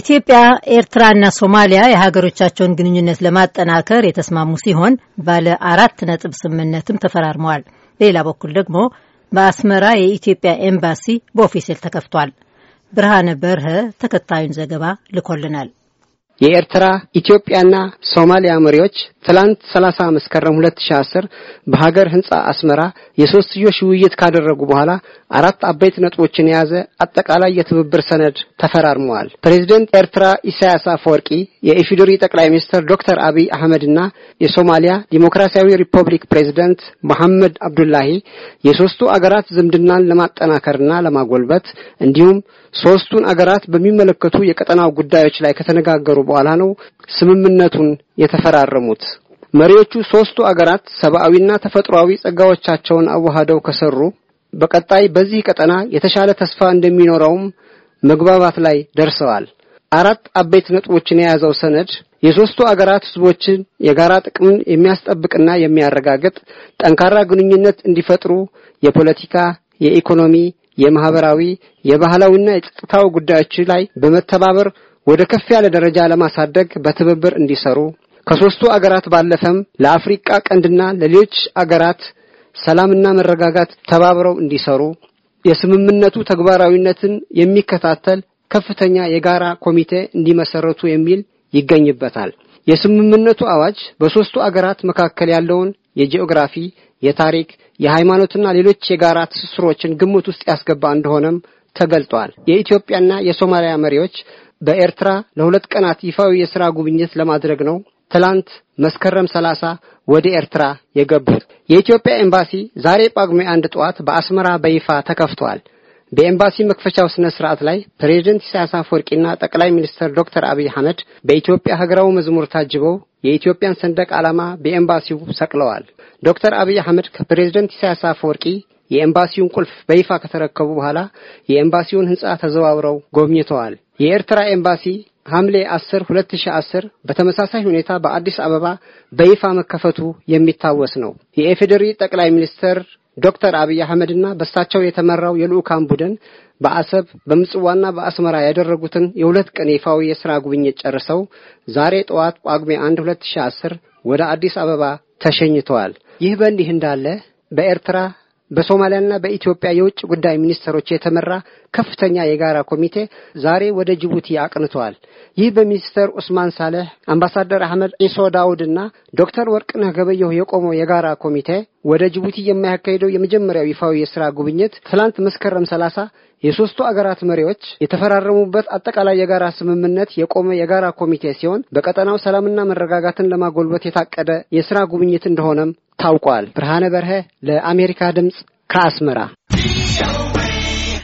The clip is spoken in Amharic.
ኢትዮጵያ፣ ኤርትራና ሶማሊያ የሀገሮቻቸውን ግንኙነት ለማጠናከር የተስማሙ ሲሆን ባለ አራት ነጥብ ስምምነትም ተፈራርመዋል። በሌላ በኩል ደግሞ በአስመራ የኢትዮጵያ ኤምባሲ በኦፊሴል ተከፍቷል። ብርሃነ በርሀ ተከታዩን ዘገባ ልኮልናል። የኤርትራ ኢትዮጵያና ሶማሊያ መሪዎች ትላንት 30 መስከረም 2010 በሀገር ህንጻ አስመራ የሶስትዮሽ ውይይት ካደረጉ በኋላ አራት አበይት ነጥቦችን የያዘ አጠቃላይ የትብብር ሰነድ ተፈራርመዋል። ፕሬዚደንት ኤርትራ ኢሳያስ አፈወርቂ፣ የኢፌዴሪ ጠቅላይ ሚኒስትር ዶክተር አብይ አህመድና የሶማሊያ ዲሞክራሲያዊ ሪፐብሊክ ፕሬዚደንት መሐመድ አብዱላሂ የሶስቱ አገራት ዝምድናን ለማጠናከርና ለማጎልበት እንዲሁም ሶስቱን አገራት በሚመለከቱ የቀጠናው ጉዳዮች ላይ ከተነጋገሩ በኋላ ነው ስምምነቱን የተፈራረሙት። መሪዎቹ ሦስቱ አገራት ሰብአዊና ተፈጥሯዊ ጸጋዎቻቸውን አዋህደው ከሰሩ በቀጣይ በዚህ ቀጠና የተሻለ ተስፋ እንደሚኖረውም መግባባት ላይ ደርሰዋል። አራት አበይት ነጥቦችን የያዘው ሰነድ የሦስቱ አገራት ህዝቦችን የጋራ ጥቅምን የሚያስጠብቅና የሚያረጋግጥ ጠንካራ ግንኙነት እንዲፈጥሩ የፖለቲካ፣ የኢኮኖሚ፣ የማህበራዊ የባህላዊና የጸጥታው ጉዳዮች ላይ በመተባበር ወደ ከፍ ያለ ደረጃ ለማሳደግ በትብብር እንዲሰሩ ከሶስቱ አገራት ባለፈም ለአፍሪቃ ቀንድና ለሌሎች አገራት ሰላምና መረጋጋት ተባብረው እንዲሰሩ የስምምነቱ ተግባራዊነትን የሚከታተል ከፍተኛ የጋራ ኮሚቴ እንዲመሰረቱ የሚል ይገኝበታል። የስምምነቱ አዋጅ በሦስቱ አገራት መካከል ያለውን የጂኦግራፊ፣ የታሪክ የሃይማኖትና ሌሎች የጋራ ትስስሮችን ግምት ውስጥ ያስገባ እንደሆነም ተገልጧል። የኢትዮጵያና የሶማሊያ መሪዎች በኤርትራ ለሁለት ቀናት ይፋዊ የሥራ ጉብኝት ለማድረግ ነው ትላንት መስከረም ሰላሳ ወደ ኤርትራ የገቡት። የኢትዮጵያ ኤምባሲ ዛሬ ጳጉሜ አንድ ጠዋት በአስመራ በይፋ ተከፍቷል። በኤምባሲ መክፈቻው ስነ ስርዓት ላይ ፕሬዝደንት ኢሳያስ አፈወርቂና ጠቅላይ ሚኒስትር ዶክተር አብይ አህመድ በኢትዮጵያ ሀገራዊ መዝሙር ታጅበው የኢትዮጵያን ሰንደቅ ዓላማ በኤምባሲው ሰቅለዋል። ዶክተር አብይ አህመድ ከፕሬዝደንት ኢሳያስ አፈወርቂ የኤምባሲውን ቁልፍ በይፋ ከተረከቡ በኋላ የኤምባሲውን ህንፃ ተዘዋውረው ጎብኝተዋል። የኤርትራ ኤምባሲ ሐምሌ 10 2010 በተመሳሳይ ሁኔታ በአዲስ አበባ በይፋ መከፈቱ የሚታወስ ነው። የኢፌዴሪ ጠቅላይ ሚኒስትር ዶክተር አብይ አህመድና በእሳቸው የተመራው የልዑካን ቡድን በአሰብ በምጽዋና በአስመራ ያደረጉትን የሁለት ቀን ይፋዊ የሥራ ጉብኝት ጨርሰው ዛሬ ጠዋት ጳጉሜ 1 2010 ወደ አዲስ አበባ ተሸኝተዋል። ይህ በእንዲህ እንዳለ በኤርትራ በሶማሊያና በኢትዮጵያ የውጭ ጉዳይ ሚኒስትሮች የተመራ ከፍተኛ የጋራ ኮሚቴ ዛሬ ወደ ጅቡቲ አቅንተዋል። ይህ በሚኒስተር ኡስማን ሳሌህ፣ አምባሳደር አህመድ ኢሶ ዳውድና ዶክተር ወርቅነህ ገበየሁ የቆመው የጋራ ኮሚቴ ወደ ጅቡቲ የማያካሄደው የመጀመሪያው ይፋዊ የስራ ጉብኝት ትላንት መስከረም ሰላሳ የሶስቱ አገራት መሪዎች የተፈራረሙበት አጠቃላይ የጋራ ስምምነት የቆመ የጋራ ኮሚቴ ሲሆን በቀጠናው ሰላምና መረጋጋትን ለማጎልበት የታቀደ የስራ ጉብኝት እንደሆነም ታውቋል። ብርሃነ በርሀ ለአሜሪካ ድምፅ ከአስመራ